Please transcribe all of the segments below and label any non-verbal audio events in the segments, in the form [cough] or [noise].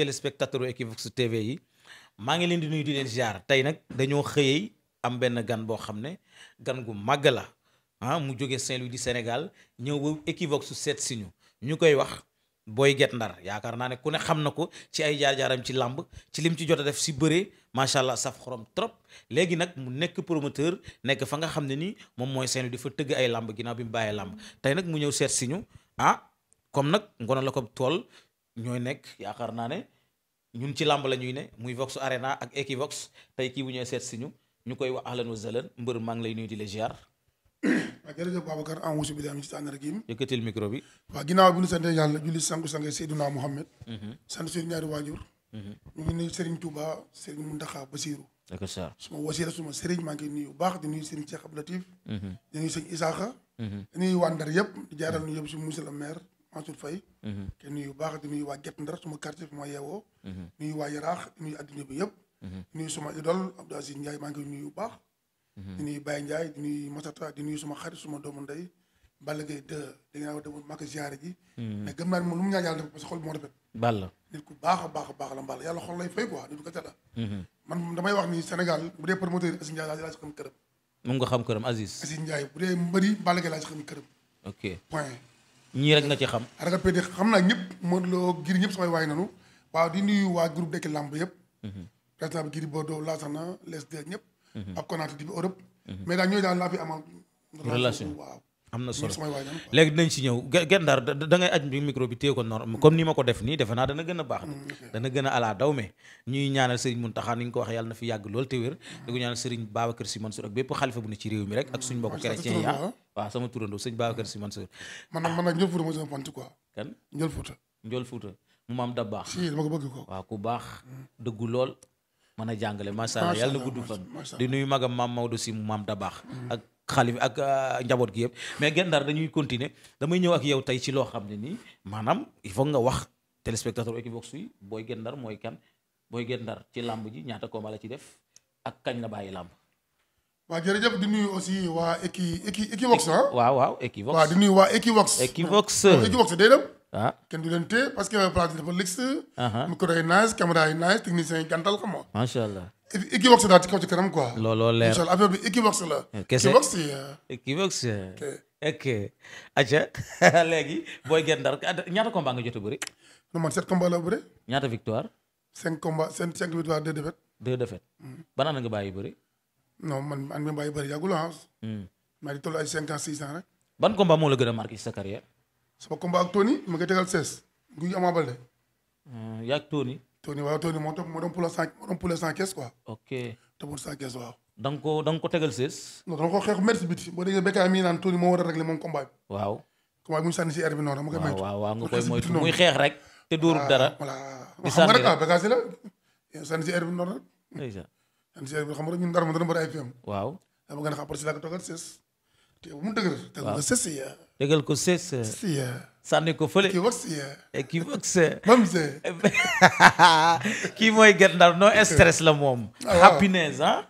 téléspectateur Equivox TV yi maa ngi leen di nuyu di leen ziar tey nag dañoo xëyey am benn gan boo xam ne gan gu màgg la ah mu jóge Saint-Louis du Sénégal ñëw ba Equivox seet si ñu ñu koy wax Boy Guet Ndar yaakaar naa ne ku ne xam na ko ci ay jaar-jaaram ci làmb ci lim ci jot a def si bëree macha allah saf xorom trop léegi nag mu nekk promoteur nekk fa nga xam ne nii moom mooy Saint-Louis fa tëgg ay làmb ginnaaw bi mu bàyyee làmb tey nag mu ñëw seet si ah comme nag ko tool ñooy nekk yaakaar naa ne ñun ci làmb la ñuy ne muy Vox Arena ak Equivox tey kii bu ñuy seet si ñu ñu koy wax ahlan wa sahlan mbër maa ngi lay nuyu di la ziar. [coughs] waaw jërëjëf Babacar en wusu bi daal ci tànn rek yi. yëkkatil micro bi. waaw ginnaaw bi ñu sant yàlla julli sangu sange Seydina Mohamed. Mhm. sant suñu ñaari waajur. Mhm. ñu ngi nuyu Serigne Touba Serigne wasiira suma Serigne maa ngi nii bu baax di nuyu Serigne Cheikh Abdou Latif. Mhm. di nuyu sëñ Isaaxa. di nuyu waa Ndar yëpp di jaaral ñu yëpp si monsieur le maire. Mansour Faye mm-hmm. te nuyu baax di nuyu waa Guet Ndar suma quartier fi ma yeewoo mm-hmm. nuyu waa Yaraax nuyu adduna bi yëpp mm-hmm. nuyu suma idol Abdou Aziz Ndiaye maa ngi nuyu baax di nuyu Baye Ndiaye di nuyu Masata suma xarit suma doomu ndey Balla Gaye 2 da nga naa demoon màgg ziare moo rafet Balla nit ku baax a a baax la Balla lay fay quoi man damay wax ni Sénégal bu dee promoteur Aziz Ndiaye laa si xam xam këram Aziz Aziz bu dee mbëri Balla Gaye laa si xam këram point ñii rek nga ci xam xam naa ñëpp Modou Lo giri ñëpp samay waay nanu waaw di nuyu waa groupe Dekki Lamb yëpp mhm. président bi Gris Bordeaux Lassana les deux ñëpp mhm. ak Konaté di bi Europe mhm. mais daal ñooy daal laa fi amal relation waaw am na solo léegi dinañ si ñëw gendaar da ngay aj micro bi téye ko norme comme ni ma ko def nii defe naa dana gën a baax mm, dana gën a alaa daw me ñuy ñaanal Serigne Mountakha ni ñu ko wax yàlla na fi yàgg lool te wér mm. di ko ñaanal Serigne Babacar Sy Mansour ak bépp xalifa bu ne ci réew mi rek ak suñ mbokk ah, chrétien ya ah. ah. waaw sama turandoo man nag man nag Ndiol Fouta mu maam da baax si dama ko ku baax mm. dëggu lool mën a jàngale macha allah yàlla na gudd fan di nuyu magam maam Maodo Sy mu maam da baax ak xalif ak euh, njaboot gi yëpp mais Guet Ndar dañuy continuer damay ñëw ak yow tey ci loo xam ne nii maanaam il faut nga wax téléspectateur Equivox yi Boy Guet Ndar mooy kan booy Guet Ndar ci làmb ji ñaata combat la ci def ak kañ la bàyyi làmb waaw jërëjëf di nuyu aussi waa Equi Equi Equivox ah. waaw waaw Equivox di nuyu waa Equivox. Equivox Equivox day dem. ah kenn du leen téye parce que place bi dafa lix. micro yi nice caméra yi nice technicien yi gàntal xam Equivox daal ci kaw ci kanam quoi. looloo leer incha allah affaire bi Equivox la. Eh, kese Equivox euh, Equivox. Euh, ok atia [laughs] léegi booy gën ndar ah, ñaata combat nga jot a bëri. non man sept combat la bëri. ñaata victoire. cinq combat cinq cinq victoire deux défaites. deux défaites. Mm. ban année nga bàyyi bëri. non man man mi bàyyi bëri yàggul ah. Mm. maa ngi toll ay cinq six ans rek. ban combat moo la gën a marqué ci sa carrière. sama ak Tony ma ngi tegal seize. guy Ama Baldé. Mm, yaa ak Tony waaw Tony moo topp moo doon poulet sans moo doon poulet sans caisse quoi. ok toppoon sans caisse waaw. da nga ko da nga ko tegal sées. non da nga ko xeex merci biti boo déggee béykat mi naan Tony moo war a régler moom combat bi. waaw combat bi mu sànni si air bi noonu. dama koy moytu waaw waaw nga koy moytu muy xeex rek. te dóorul ah, dara voilà voilà. xam nga rek ah béykat si la sànni si air bi noonu rek. sànni si air bi xam nga rek ñun dara ma dana bëri ay FM. waaw dama gën a xam parce que laa ko toogal sées mu dëgër. ko sës. sànni [laughs] [laughs] kii mooy Guet Ndar noo stress la moom. Ah, happiness ah.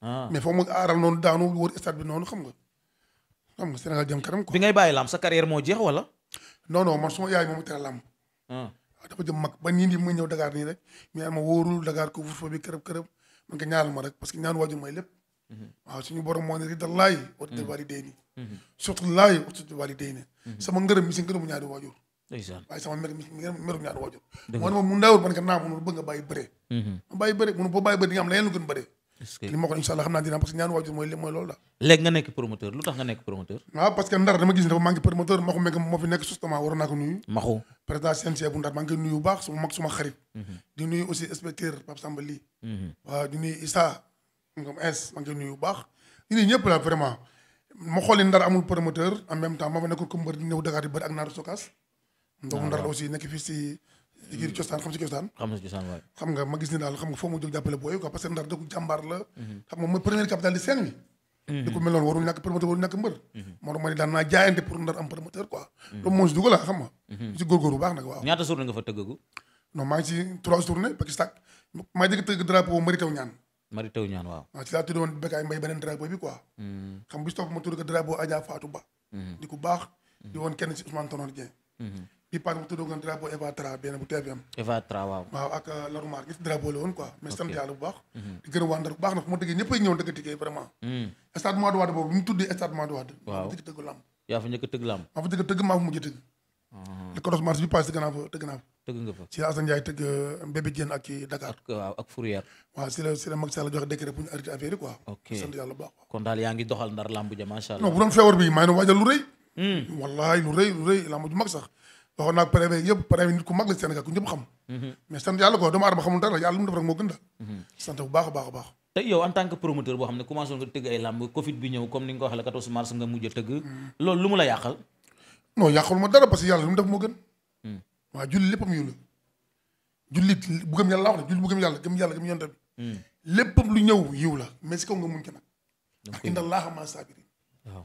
Ah. mais foog mu aaral noonu daanu wër stade bi noonu xam nga xam nga Sénégal jëm kanam quoi. bi ngay bàyyi lamb sa carrière moo jeex wala. non non man suma yaay moom tere lamb. waaw ah. ah, dafa jëm mag ba nii nii muy ñëw Dakar nii ma wóorul Dakar ko fa bi parce que ñaan waajur mooy lépp. Mhm. waaw suñu borom moo la moo ne ma mu ndawul man ko naa mënul bëgg nga bëre. ma mhm. boo bàyyi bëre di nga am leneen lu gën bëre li ma ko incha xam naa dina parce que ñaanu waajur mooy mooy loolu la léegi nga nekk promoteur lu tax nga nekk promoteur waaw ah, parce que ndar dama gis ne dafa manqué promoteur maxu nekk nuyu baax suma mag mhm. mhm. ñëpp la vraiment ma xooli ndar amul promoteur en même temps ma fa nekkul ko mbër di ñëw Dakar di ak naaru sokaas ah, ndoomu ndar la aussi nekk fii si igiri cosaan xam si cosaan xam nga ma ni daal xam nga foo mu jóg jàppale booy quoi parce ndar dëkku jàmbaar la mhm. xam nga mooy première capitale di seen bi mhm. di mel noonu waruñu ñàkk promoteur waruñu ñàkk mbër mhm. moo tax ma ne daan naa jaayante pour ndar am promoteur quoi loolu si dugal la ah, xam nga si góorgóorlu baax nag waaw ñaata journée nga fa tëgg drapeau mari ñaan mari ñaan waaw waaw ci laa tuddoon Bécaye Mbaye beneen drapeau bi quoi xam bis ma tudd ko drapeau bi paase mu tuddoo woon drapeau Eva Tra benn bu TFM. Eva Tra waaw. waaw ak euh, Laroumar gis drapeau la woon quoi. mais bu baax. Mhm. di gën a wàndal bu baax nag fu ma déggee a ñëw dëgg tike vraiment. Mhm. stade Madou fa njëkk a tëgg lamb. yaa fa njëkk a tëgg lamb. maa fa njëkk mhm. tëgg nga fa si Assane Ndiaye tëgg euh, Mbébé Diène ak Dakar. ak waaw euh, waaw si la si la Macky Sall joxe décret pour ñu arrêté affaire bu baax. kon daal yaa ngi doxal ndar lamb ja macha allah. non bu bi maa ngi waajal waxoon naa parrain bi yëpp parrain mhm. a mhm. a baax te yow en tant que promoteur boo xam a tëgg mhm. loolu lu mu la yàqal non yàqul ma dara parce que yàlla lu mu def moo gën waa julli léppam yiw la jullit bu gëm yàlla wax ne julli bu gëm yàlla gëm yàlla gëm yonte bi léppam lu ñëw yiw la mais si kaw nga muñ ko nag ndax inna allaha ma sabirin waaw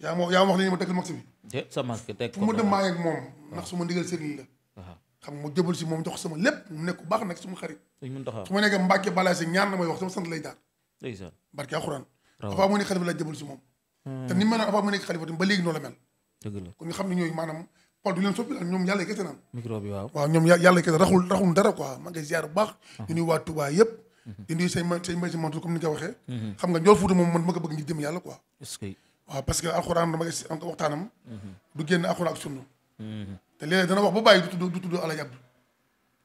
yaa ma yaa ma wax ne ma tegal max bi. te sëriñ la. xam nga mu jëbal si moom jox sama lépp mu nekk baax nag suma xarit. su nekk Mbàkke balaa si ñaan na may wax sama sant lay jaar. ndeysaan barke alxuraan. avant mu nekk xalifa la jëbal si moom. Hmm. te ni mu mel noonu avant nekk xalifa ba léegi noonu la mel. kon ñu xam ne ñooy maanaam Paul du leen soppi daal ñoom yàlla kese naan. micro waaw ñoom yàlla kese raxul raxul dara ma ngi ziar bu baax. Hmm. Hmm. ko man ma ko bëgg waaw parce que alxuraan dama gis am waxtaanam. Mhm. du génn alxuraan ak sunna. Mhm. te léeg dana wax ba bàyyi du tudd du tudd Alaaji Abdu.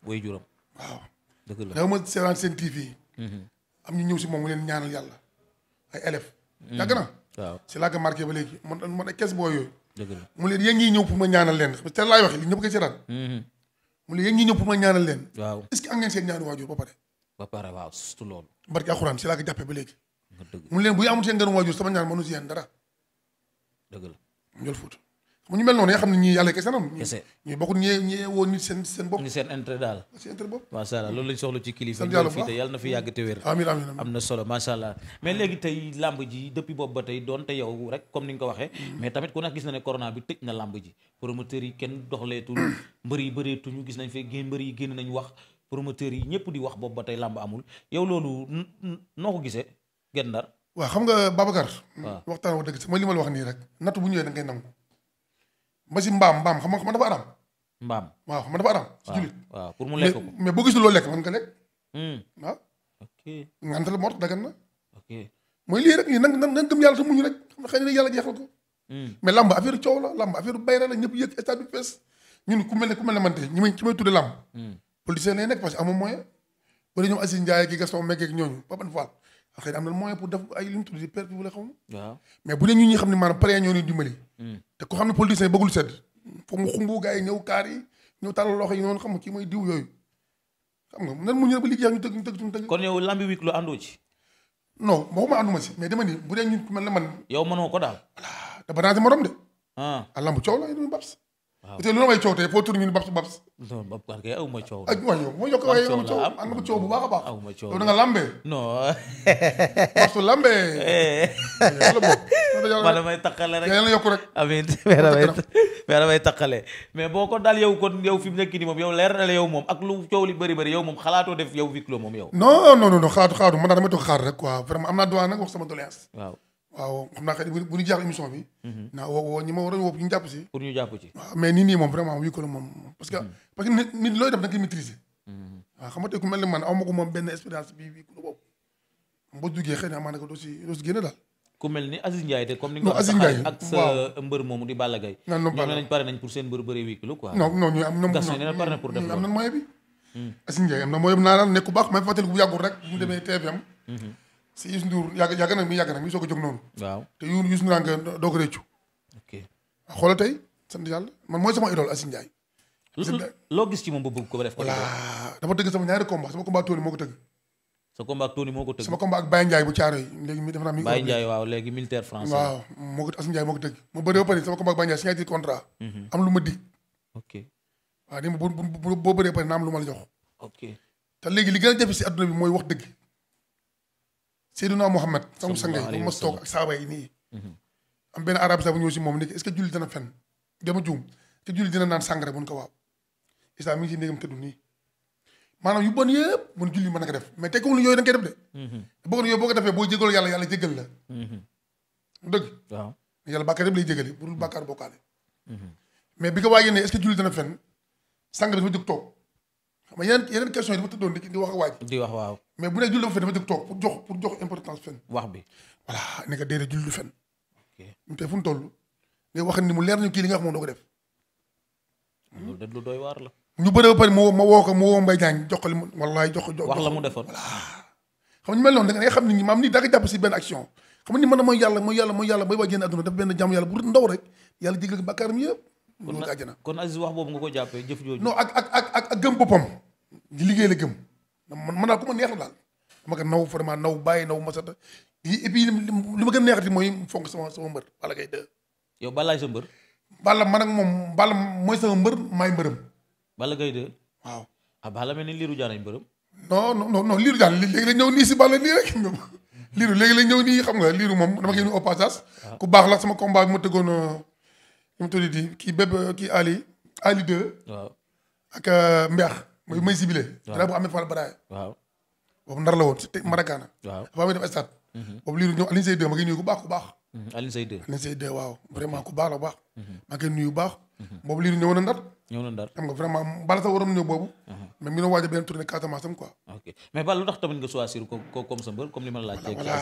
way juram. waaw. dëgg la dama ma seeraan seen TV. Mhm. am ñu ñëw si moom mu leen ñaanal yàlla ay élèves. yàgg na. si laa ko marqué ba léegi boo yooyu. dëgg mu leen yéen ñii ñëw pour ma ñaanal leen te laay waxee li ñëpp koy ñaanal leen. waaw am ngeen seen ñaari waajur ba pare. ba pare waaw surtout loolu. barke alxuraan si laa ko jàppee ba léegi. mu leen bu ñu amul seen ngeen waajur sama ñaan mënu si yéen dara dëgg la Ndiol Fouta mu ñu mel noonu nga xam ne ñii yàlla kese noonu. kese ñu bokkul ñee ñee woo nit seen seen bopp. ñu seen intérêt daal. seen intérêt bopp. macha allah loolu lañ soxla ci kilifa. sant yàlla bu baax yàlla na fi yàgg te wér. amiin amiin am na solo macha allah. mais léegi tey làmb ji depuis boobu ba tey doon te yow rek comme ni nga ko waxee. Mm. mais tamit ku nekk gis na ne corona bi tëj na làmb ji. promoteurs yi kenn doxaleetul. Mm. mbër yi bëreetuñu gis nañ fi génn mbër yi génn nañ wax. promoteurs yi ñëpp di wax boobu ba tey làmb amul yow loolu noo ko gisee Guet Ndar waa xam nga Babacar. waxtaan wax dëgg si mooy li ma la wax nii rek natt bu ñëwee da ngay nangu. ma si mbaam mbaam xam nga xam dafa araam. mbaam waaw xam nga dafa araam. si jullit waaw pour mais boo gisul loo lekk man nga lekk. Hmm. waaw. ok ngantal mort dagan na. ok mooy lii rek nii nan nan nan gëm yàlla te yàlla jeexal ko. Hmm. mais làmb affaire coow la làmb affaire bayra ñëpp yëg stade bi fees ñun ku mel ne ku mel ne man de ci may tudde làmb. Hmm. politicien lay nekk parce que amoo moyen. ba ñoom Aziz Ndiaye gi Gaston Mbengue ak ñooñu Pape Fall xëy na am na moyen pour def ay li ñu tuddee perte bu la xaw mais bu dee ñun ñi xam ne maanaam pare ñoo ñuy dimbali. Hmm. te ko xam ne politicien bëggul sedd. foog mu xumbu gars yi ñëw kaar ñëw tàllal loxo yi noonu xam ci kii mooy diw yooyu xam nga nan mu ñëw ba liggéey ak ñu tëgg ñu tëgg suñu tëgg. kon yow lambi week lu àndoo ci. non waxuma ànduma si mais dama ni bu dee ñun ku mel yow mënoo ko daal. voilà te banaan si de. Ah. ah lamb coow la ñu doon babs. waaw loolu may coow tey foo tur ñu babs babs non bab parce que aw ma coow ak wax yow moo yokk waaye am coow am na ko coow bu a da nga lambee non parce may taqale mais boo ko daal yow kon yow fi mu nekk nii moom yow leer na yow moom ak lu coow li bëri bëri yow moom xalaatoo def yow viclo moom yow non non non xalaatu xalaatu man daa dama toog xaar rek quoi vraiment am naa droit nag wax sama doléance waaw waaw xam naa xëy na bu ñu jaaxle émission bi. Mhm. naa woo woo ñi ma waroon woo ñu jàpp si. pour ñu jàpp ci. waaw mais nii nii moom vraiment wii ko la moom parce duggee xëy ni Aziz Ndiaye de pare nañ pour seen mbër wii kilo quoi. non non ñu am pare na pour def am na bi. Hmm. Aziz Ndiaye am na naa daan nekk ku baax may fàttali bu yàggul rek bu demee TFM si Youssou Ndour yàgg yàgg na mi yàgg na mi soog a jóg noonu. waaw te yu Youssou Ndour nga doo ko réccu. ok ah, xoolal tey sant yàlla man mooy sama idole Aziz Ndiaye. loo gis ci moom ba bëgg ko ba def ko. voilà dama tëgg sama ñaari combat sama moo ko tëgg. sa combat ak Tony moo ko tëgg. sama combat ak Baye Ndiaye bu caaro yi léegi mi defe naa mi ngi. waaw léegi militaire français. waaw moo ko Aziz Ndiaye moo ko tëgg. ma bëree ba pare sama combat ak Baye Ndiaye signé contrat. Mhm. am lu ma dig. ok waaw ni ma boo bëree pare naa am lu ma la jox. ok te léegi li gën a si adduna bi mooy wax dëgg Seydina Muhammad sama sang yi ma mas toog ak saaba yi nii mhm. am benn arab sax ñëw si moom nekk est-ce que julli fen dama juum te julli dina naan sàngara bu ñu ko waaw islam mi ngi si néegam tëddu maanaam yu bon yëpp mun julli mën def mais tekkiwul yooyu da nga koy def de mhm. boo ko yooyu boo ko defee boo jégal yàlla yàlla jégal la lu mhm. dëgg waaw yàlla bàkkaar yëpp lay jégale bu dul bàkkaar bokkaale mais bi ko waajee ne est-ce que julli dana fen sàngara dafa jóg toog ma yeneen yeneen question yi dafa tëddoon di wax ak waaj di wax waaw mais bu ne julli dafa fen dafa jóg toog pour jox pour jox importance fen wax bi voilà ne ko déedéet julli du fen ñu tey fu mu toll nga wax ni mu leer ñu kii li nga wax moom doo ko def hmm. lu doy waar la ñu bëree ba pare mo ma woo ko ma woo Mbaye Diagne jox ko li mu wallaay jox ko jox wax la mu defoon voilà xam nga ñu mel noonu da ngay xam ni maam nii daa ko jàpp si benn action xam nga ni mën na mooy yàlla mooy yàlla mooy yàlla bay waa génn àdduna daf benn jàmm yàlla bu ndaw rek yàlla jégal ko bàkkaaram yëpp loolu ko àjjana kon Aziz wax boobu nga ko jàppee jëf jooju non ak ak ak ak gëm boppam liggéey la ma neex la daal dama ko naw ma gën neexati mooy fonk sama sa mbër. Balla man ak moom Balla mooy sama mbër maay mbërëm. Balla Gaye 2. waaw ah Balla mel ni liiru jaan ay mbërëm. non non liiru jaan léegi la ñëw nii xam nga liiru moom dama koy nuyu au ah. ku baax la sama combat bi tëggoon euh, nu mu di kii bépp kii Ali Ali 2. waaw euh, mooy may sibile dara bu Ahmed Fall Baraye waaw boobu ndar la woon si teg mhm. Marakaana waaw avant muy dem stade mhm. boobu liiru ñëw Alioune Seye 2 ma ngi nuyu ku baax ku baax mhm. Alioune Seye 2 Alioune Seye 2 waaw vraiment ku baax la baax maa ngi nuyu baax boobu liiru ñëw na ndar ñëw na ndar xam nga vraiment bala sax waroon ñëw boobu mais mi noo waaj a benn tournée Casamance am quoi ok mais bala lu tax tamit nga choisir ko comme sa mbër comme li ma la laaj voilà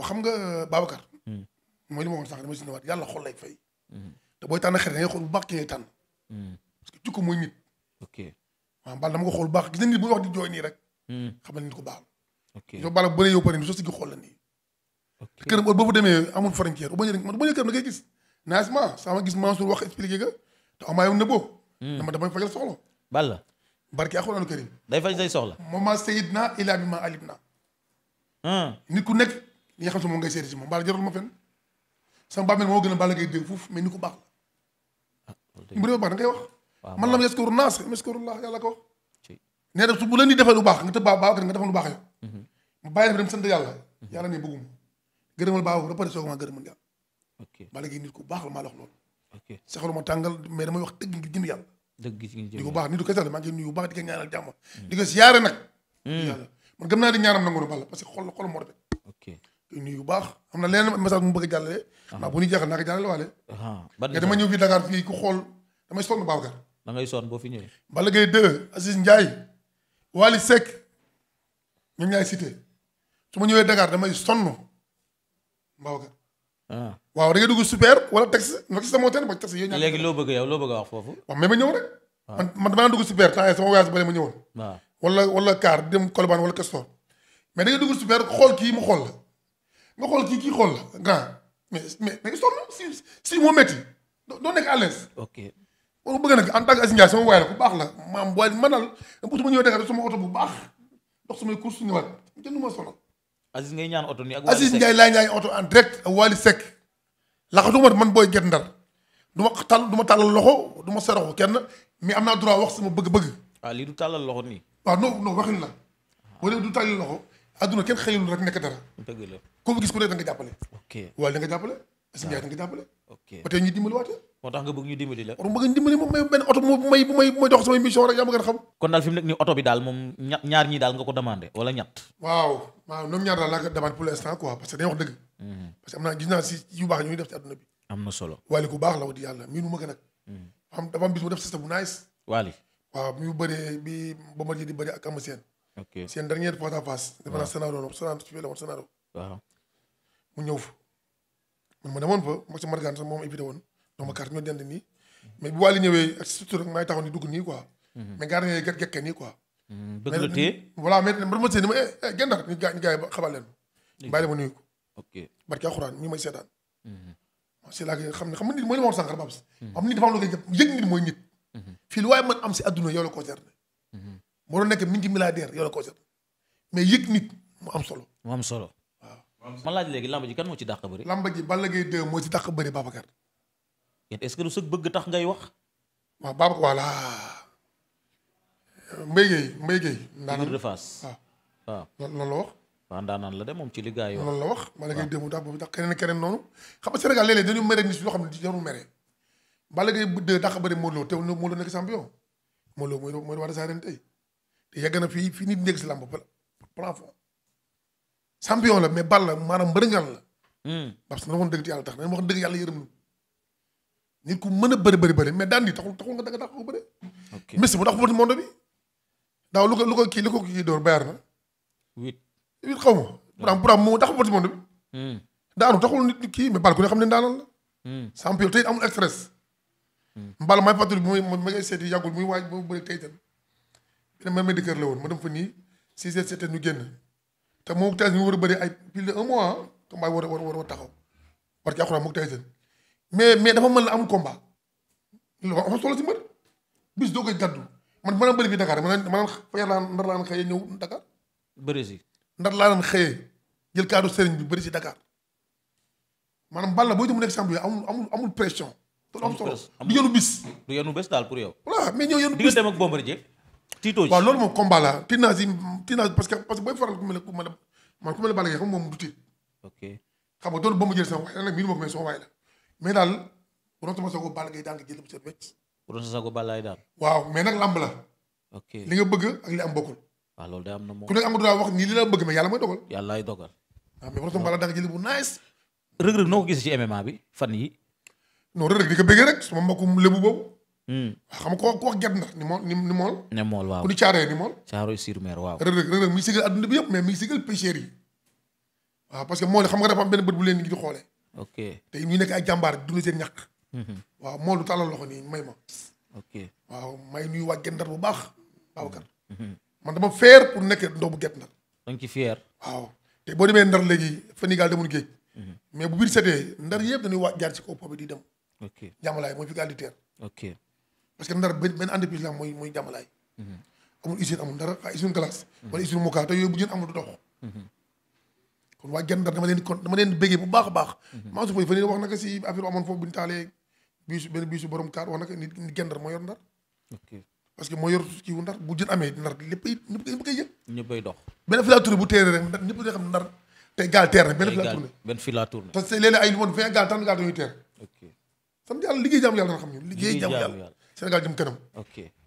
xam nga euh, Babacar hmm. mooy li ma waxoon sànq damay suñu waat yàlla xool lay fay hmm. te booy tànn xarit da ngay xool bu baax ki ngay tànn hmm. parce que jukko mooy nit ok maanaam Balla dama ko xool baax gis nañ ni bu wax di jooy nii rek. Hmm. xam na nit ko baax la. ok yow Balla bu bëree yow bëri na soo si gi xool la nii. ok te këram boo fa demee amul frontière bu bañ a rek man bu bañ a këram da ngay gis. naajement sama gis Mansour wax expliqué nga te amaa yow nëbboo. Hmm. dama damay fajal soxla. Balla. barke Alxuraanu Karim. day faj say soxla. mama Seydina ilaa bi ma alib naa. Hmm. nit ku nekk li nga xam si moom ngay seeti si moom Balla jarul ma fenn sama bàmmeel moo gën a Balla ngay dégg foofu mais nit ku baax la. ah loolu baax da ngay wax. man lam yaskuru naas ko nee na su bu leen lu baax nga tëb baax nga defal lu baax yow mu mhm. bàyyi def dem sant mhm. ba pare soo ko maa ku baax la maa la wax loolu saxaluma tàngal mais damay wax dëgg baax nit du kese la maa ngi nuyu bu baax di ko ñaanal jàmm mm. di mm. naa di na bàll parce que xol xol moo rafet na leneen mu bëgg a jàllale. waaw bu ñu jeexal naa ko jàllale waale. nga dama ñëw fii Dakar fii ku xool damay sonn Babacar. da ngay sonn boo fi ñëwee. Balla Gaye 2 Aziz Ndiaye Wally Seck ñoom ñaay cité su ma ñëwee Dakar damay sonn Mbabacar. Ah. waaw da ngay dugg super wala taxi nga gis sama hôtel ba taxi yooyu. léegi loo bëgg yow loo bëgg a wax foofu. waaw mais ma ñëw rek. Ah. man man damaa dugg super temps sama voyage bële ma ñëwoon. waaw ah. wala wala car dem Colobane wala Castor. mais da ngay dugg super xool kii ma xool la nga xool kii kii xool la grand mais mais da sonn si si moo métti doo nekk à boo bëgg nag en tant que Aziz Ndiaye sama waay la ku baax la maam bu waay manal bu ma ñëwee Dakar sama oto bu baax ñu waat jënd ma solo. ngay ñaan oto nii ak. Aziz Ndiaye laay ñaan oto en direct ak Wally Seck laxatuma man booy Guet Ndar du ma du ma tàllal loxo du ma saraxu kenn mais am naa droit wax sama bëgg-bëgg. waaw ah, lii du tàllal loxo nii. waaw non non waxin la wala du tàllal loxo adduna kenn xëyul rek nekk dara. dëgg la ku jàppale. ok waaye da nga jàppale. waaw Aziz Ndiaye da jàppale. ba tey ñuy dimbaliwaatee. moo tax nga bëgg ñu dimbali la moo bëgg ñu dimbali moom may benn oto bu may bu may bu dox samay mission rek yaa ma gën a xam kon daal fi mu nekk nii oto bi daal moom ña ñaar ñii daal nga ko demandé wala ñett waaw waaw ñoom ñaar daal laa ko demandé pour mm-hmm. bi am na la di yàlla mii ma gën ag xam dafa am bis mu def système bu waaw mu ma di bëri ñëw fa man ma demoon fa ma si margaan sax moom évité woon ñoom ak ñoo dend nii. mais bu Wally ñëwee surtout nag may taxaw ni dugg nii quoi. Mhm. mais gardien yi gerte gerte nii mhm. ma sëñ ni ma eh genn dara ñu gaa ñu gaa yi ko. ok barke alxuraan mi ngi may seetaan. Mhm. si laa xam ne xam nga nit mooy li ma wax sànq Babs. xam nit dafa am lu koy jëpp yëg nit mooy nit. fii lu waaye mën am si adduna yow la concerné. moo mais yëg nit mu am solo. mu am solo waaw. ma laaj léegi lamba ji kan moo ci dàq bëri. lamba ji Balla Gaye 2 moo ci dàq bëri Babacar est-ce que du sëg bëgg tax ngay wax. waaw Baba voilà Mbaye Guèye Mbaye Guèye. daanaka de face waaw waaw loolu la wax. waaw ndaanaan la de moom ci li yi wax. loolu la wax Balla Gaye démb dàq boobu keneen keneen noonu xam nga Sénégal léeg-léeg dañu mere nit loo xam ne jarul mere Balla Gaye dë dàq bëri Modou Lo teewul Modou Lo nekk mooy mooy war a saa ren tey te yàgg na fii fii nit nekk si làmb plafond champion la mais Balla maanaam mbërëngal la. Hmm. parce que na ma ko dëgg yàlla tax na ma ko dëgg yàlla yërëm nit ku mën a bëri bëri bëri mais daan di taxul taxul nga danga taxul bëri. ok Messi mu tax ko bi. daaw lu ko lu ko kii lu ko kii door Bayern na. huit huit xaw ma. pourtant pourtant mu tax ko ci monde bi. Hmm. daanu kii mais bal xam ne daanal la. Hmm. champion tey amul stress. Hmm. Mbal may fàttali bi muy ma ngay seeti yàggul muy waaj bu bëri tey tamit. beneen man médicateur la woon ma dem fa nii six heures sept heures te moom war a bëri ay pile de un mois combat ah. war a war a war taxaw parce que axuraan moom tey mais mais dafa mën la am combat loolu am solo ci mbër bis doo koy man maanaam bëri bi Dakar maanaam maanaam fajar laa ndar laa xëyee ñëw laa am solo du yenu bis. du yenu bés daal pour yow. voilà mais ñëw yenu bis di nga dem ak moom combat la tiit naa si parce que booy faral ku mel ne ku man ku mel ne Balla xam moom du tiit. mais daal Ronto Masago Balla ngay daan nga jël bu set wecc. Ronto Masago Balla ay waaw mais nag làmb la. ok li nga bëgg ak li am bokkul. waaw loolu day am na moom ku nekk amatu daa wax nii li la bëgg mais yàlla mooy dogal. yàlla ay dogal. waaw ah, mais Ronto Balla daan nga jël bu nice. Reug bi fan yi non Reug Reug di ko bëggee rek sama mbokkum lébu boobu. Hmm. waaw xam nga ku wax adduna bi yëpp mais mi ngi sigal yi waaw parce que xam nga dafa am benn bët bu leen nit ñi di xoolee ok te ñu nekk ay jàmbaar dund seen ñàkk. Mhm. waaw moo lu tàllal loxo nii may ma. ok waaw may nuy waa Ndar bu baax Babacar. Mhm. man dama fier pour nekk ndaw bu Guet Ndar. da nga ci fier. waaw te boo demee Ndar léegi fan yii gaal demul géej. Mhm. mais bu biir setee Ndar yëpp dañuy waa jaar ci kaw po bi di dem. ok jàmmalaay mooy fi gaal di teer. ok parce que Ndar benn benn entreprise la mooy mooy jàmmalaay. amul usine amul dara ah usine glace. wala usine moka te yooyu bu jën amul du dox. kon waa Guet Ndar dama leen kon dama leen bëggee bu baax a baax mhm. Mansour Faye fa ni wax naka si affaire amoon foofu bu ñu taalee biisu benn wax naka nit Guet Ndar moo yor Ndar parce moo yor kii wu Ndar bu jën amee Ndar lépp ay ñëpp koy yëg ñëppay dox benn fi laa tourné bu teeree rek Ndar ñëpp dañoo xam Ndar tey gaal teer rek benn fi laa tourné benn fi laa tourné parce que léeg gaal tan gaal dañuy teer sant yàlla liggéey jàmm yàlla dana xam ñu liggéey jàmm yàlla